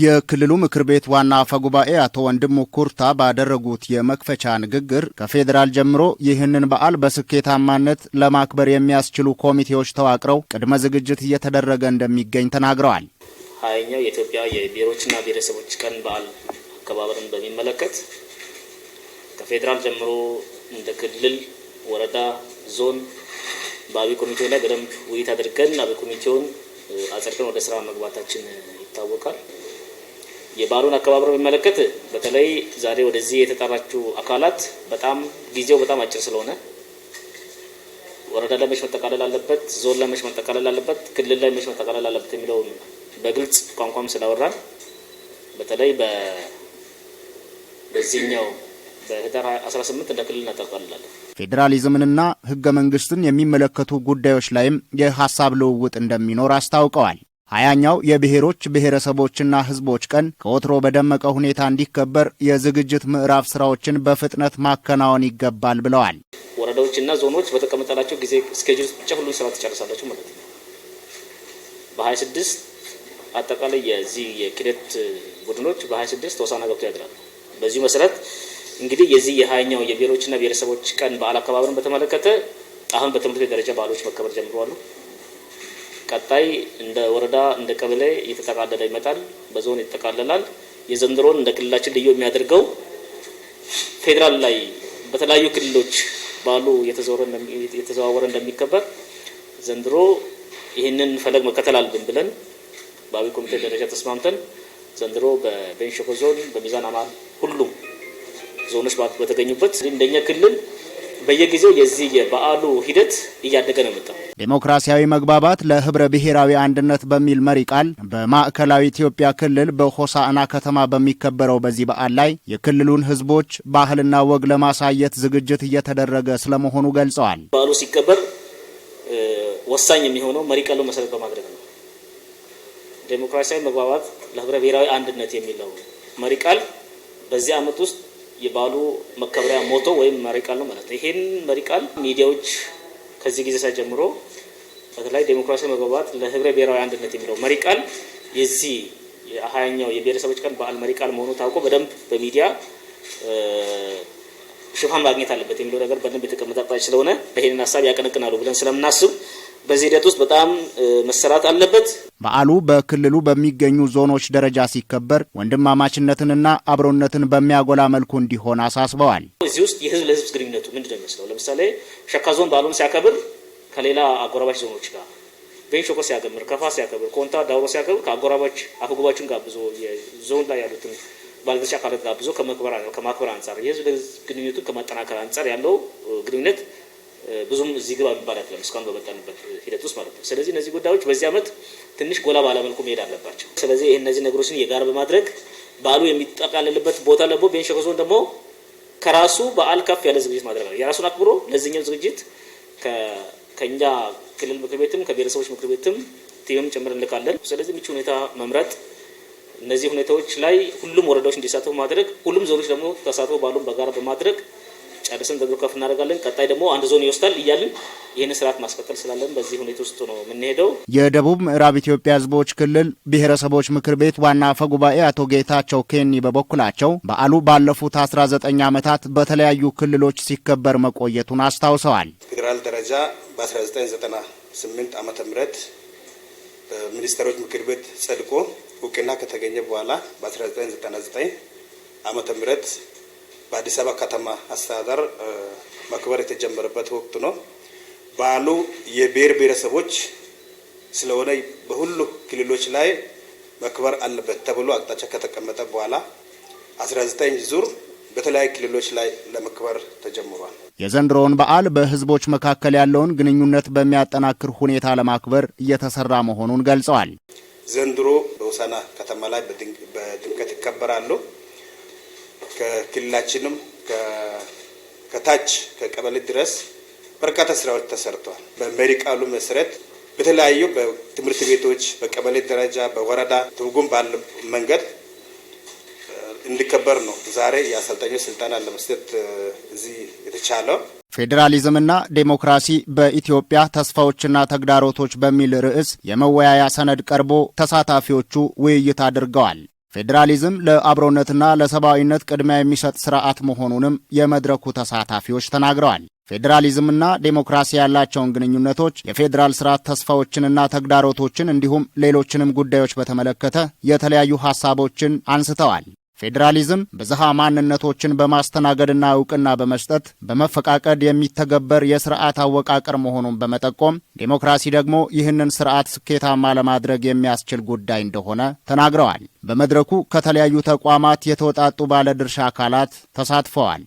የክልሉ ምክር ቤት ዋና አፈ ጉባኤ አቶ ወንድሙ ኩርታ ባደረጉት የመክፈቻ ንግግር ከፌዴራል ጀምሮ ይህንን በዓል በስኬታማነት ለማክበር የሚያስችሉ ኮሚቴዎች ተዋቅረው ቅድመ ዝግጅት እየተደረገ እንደሚገኝ ተናግረዋል። ሀያኛው የኢትዮጵያ የብሔሮችና ብሔረሰቦች ቀን በዓል አከባበርን በሚመለከት ከፌዴራል ጀምሮ እንደ ክልል፣ ወረዳ፣ ዞን በአብይ ኮሚቴው ላይ በደንብ ውይይት አድርገን አብይ ኮሚቴውን አጸድቀን ወደ ስራ መግባታችን ይታወቃል። የበዓሉን አከባበር የሚመለከት በተለይ ዛሬ ወደዚህ የተጠራችው አካላት በጣም ጊዜው በጣም አጭር ስለሆነ ወረዳ ላይ መች መጠቃለል አለበት፣ ዞን ላይ መች መጠቃለል አለበት፣ ክልል ላይ መጠቃለል አለበት የሚለውን በግልጽ ቋንቋም ስላወራን በተለይ በዚህኛው በህዳር 18 እንደ ክልል እናጠቃልላለን። ፌዴራሊዝምንና ህገ መንግስትን የሚመለከቱ ጉዳዮች ላይም የሀሳብ ልውውጥ እንደሚኖር አስታውቀዋል። ሀያኛው የብሔሮች ብሔረሰቦችና ሕዝቦች ቀን ከወትሮ በደመቀ ሁኔታ እንዲከበር የዝግጅት ምዕራፍ ስራዎችን በፍጥነት ማከናወን ይገባል ብለዋል። ወረዳዎችና ዞኖች በተቀመጠላቸው ጊዜ እስኬጁል ብቻ ሁሉ ስራ ትጨርሳላችሁ ማለት ነው በሀያ ስድስት አጠቃላይ የዚህ የክደት ቡድኖች በ ስድስት ተወሳና ገብቶ ያድራሉ። በዚሁ መሰረት እንግዲህ የዚህ የሀያኛው የብሔሮችና ብሔረሰቦች ቀን በዓል አከባበርን በተመለከተ አሁን በትምህርት ደረጃ በዓሎች መከበር ጀምረዋሉ። ቀጣይ እንደ ወረዳ እንደ ቀበሌ እየተጠቃለለ ይመጣል፣ በዞን ይጠቃለላል። የዘንድሮን እንደ ክልላችን ልዩ የሚያደርገው ፌዴራል ላይ በተለያዩ ክልሎች ባሉ የተዘዋወረ እንደሚከበር ዘንድሮ ይህንን ፈለግ መከተል አለብን ብለን በአብይ ኮሚቴ ደረጃ ተስማምተን ዘንድሮ በቤንች ሸኮ ዞን በሚዛን አማን ሁሉም ዞኖች በተገኙበት እንደኛ ክልል በየጊዜው የዚህ የበዓሉ ሂደት እያደገ ነው የመጣው። ዴሞክራሲያዊ መግባባት ለህብረ ብሔራዊ አንድነት በሚል መሪ ቃል በማዕከላዊ ኢትዮጵያ ክልል በሆሳዕና ከተማ በሚከበረው በዚህ በዓል ላይ የክልሉን ህዝቦች ባህልና ወግ ለማሳየት ዝግጅት እየተደረገ ስለመሆኑ ገልጸዋል። በዓሉ ሲከበር ወሳኝ የሚሆነው መሪ ቃሉ መሰረት በማድረግ ነው። ዴሞክራሲያዊ መግባባት ለህብረ ብሔራዊ አንድነት የሚለው መሪ ቃል በዚህ ዓመት ውስጥ የበዓሉ መከበሪያ ሞቶ ወይም መሪ ቃል ነው ማለት ነው። ይህን መሪ ቃል ሚዲያዎች ከዚህ ጊዜ ሳይጀምሮ በተለይ ዴሞክራሲያዊ መግባባት ለህብረ ብሔራዊ አንድነት የሚለው መሪ ቃል የዚህ የሀያኛው የብሔረሰቦች ቀን በዓል መሪ ቃል መሆኑ ታውቆ በደንብ በሚዲያ ሽፋን ማግኘት አለበት የሚለው ነገር በደንብ የተቀመጠ ስለሆነ ይህንን ሀሳብ ያቀነቅናሉ ብለን ስለምናስብ በዚህ ሂደት ውስጥ በጣም መሰራት አለበት። በዓሉ በክልሉ በሚገኙ ዞኖች ደረጃ ሲከበር ወንድማማችነትንና አብሮነትን በሚያጎላ መልኩ እንዲሆን አሳስበዋል። እዚህ ውስጥ የህዝብ ለህዝብ ግንኙነቱ ምንድን ነው ይመስለው? ለምሳሌ ሸካ ዞን በዓሉን ሲያከብር ከሌላ አጎራባች ዞኖች ጋር ቤንሾኮ ሲያከብር፣ ከፋ ሲያከብር፣ ኮንታ ዳውሮ ሲያከብር ከአጎራባች አፈጉባችን ጋብዞ ዞን ላይ ያሉትን ባለድርሻ አካላት ጋብዞ ከማክበር አንጻር የህዝብ ግንኙነቱን ከማጠናከር አንጻር ያለው ግንኙነት ብዙም እዚህ ግባ የሚባል አይደለም እስካሁን በመጣንበት ሂደት ውስጥ ማለት ነው። ስለዚህ እነዚህ ጉዳዮች በዚህ አመት ትንሽ ጎላ ባለመልኩ መሄድ አለባቸው። ስለዚህ ይህ እነዚህ ነገሮችን የጋር በማድረግ በዓሉ የሚጠቃልልበት ቦታ ለቦ ቤንች ዞን ደግሞ ከራሱ በዓል ከፍ ያለ ዝግጅት ማድረግ ነው። የራሱን አክብሮ ለዚህኛው ዝግጅት ከእኛ ክልል ምክር ቤትም ከብሔረሰቦች ምክር ቤትም ቲምም ጭምር እንልካለን። ስለዚህ ምቹ ሁኔታ መምረጥ እነዚህ ሁኔታዎች ላይ ሁሉም ወረዳዎች እንዲሳተፉ ማድረግ፣ ሁሉም ዞኖች ደግሞ ተሳትፎ ባሉም በጋራ በማድረግ ጨርስን በግብ ከፍ እናደርጋለን። ቀጣይ ደግሞ አንድ ዞን ይወስዳል እያልን ይህን ስርዓት ማስቀጠል ስላለን በዚህ ሁኔታ ውስጥ ነው የምንሄደው። የደቡብ ምዕራብ ኢትዮጵያ ህዝቦች ክልል ብሔረሰቦች ምክር ቤት ዋና አፈ ጉባኤ አቶ ጌታቸው ኬኒ በበኩላቸው በዓሉ ባለፉት 19 ዓመታት በተለያዩ ክልሎች ሲከበር መቆየቱን አስታውሰዋል። ፌዴራል ደረጃ በ1998 ዓ ም በሚኒስትሮች ምክር ቤት ጸድቆ እውቅና ከተገኘ በኋላ በ1999 ዓ ም በአዲስ አበባ ከተማ አስተዳደር መክበር የተጀመረበት ወቅት ነው። በዓሉ የብሔር ብሔረሰቦች ስለሆነ በሁሉ ክልሎች ላይ መክበር አለበት ተብሎ አቅጣጫ ከተቀመጠ በኋላ 19 ዙር በተለያዩ ክልሎች ላይ ለመክበር ተጀምሯል። የዘንድሮውን በዓል በህዝቦች መካከል ያለውን ግንኙነት በሚያጠናክር ሁኔታ ለማክበር እየተሰራ መሆኑን ገልጸዋል። ዘንድሮ በውሳና ከተማ ላይ በድምቀት ይከበራሉ። ከክልላችንም ከታች ከቀበሌ ድረስ በርካታ ስራዎች ተሰርተዋል። በመሪ ቃሉ መሰረት በተለያዩ በትምህርት ቤቶች በቀበሌ ደረጃ በወረዳ ትርጉም ባለ መንገድ እንዲከበር ነው ዛሬ የአሰልጣኞች ስልጠና ለመስጠት እዚህ የተቻለው። ፌዴራሊዝምና ዴሞክራሲ በኢትዮጵያ ተስፋዎችና ተግዳሮቶች በሚል ርዕስ የመወያያ ሰነድ ቀርቦ ተሳታፊዎቹ ውይይት አድርገዋል። ፌዴራሊዝም ለአብሮነትና ለሰብአዊነት ቅድሚያ የሚሰጥ ስርዓት መሆኑንም የመድረኩ ተሳታፊዎች ተናግረዋል። ፌዴራሊዝምና ዴሞክራሲ ያላቸውን ግንኙነቶች፣ የፌዴራል ስርዓት ተስፋዎችንና ተግዳሮቶችን እንዲሁም ሌሎችንም ጉዳዮች በተመለከተ የተለያዩ ሀሳቦችን አንስተዋል። ፌዴራሊዝም ብዝሃ ማንነቶችን በማስተናገድና እውቅና በመስጠት በመፈቃቀድ የሚተገበር የስርዓት አወቃቀር መሆኑን በመጠቆም ዴሞክራሲ ደግሞ ይህንን ስርዓት ስኬታማ ለማድረግ የሚያስችል ጉዳይ እንደሆነ ተናግረዋል። በመድረኩ ከተለያዩ ተቋማት የተወጣጡ ባለድርሻ አካላት ተሳትፈዋል።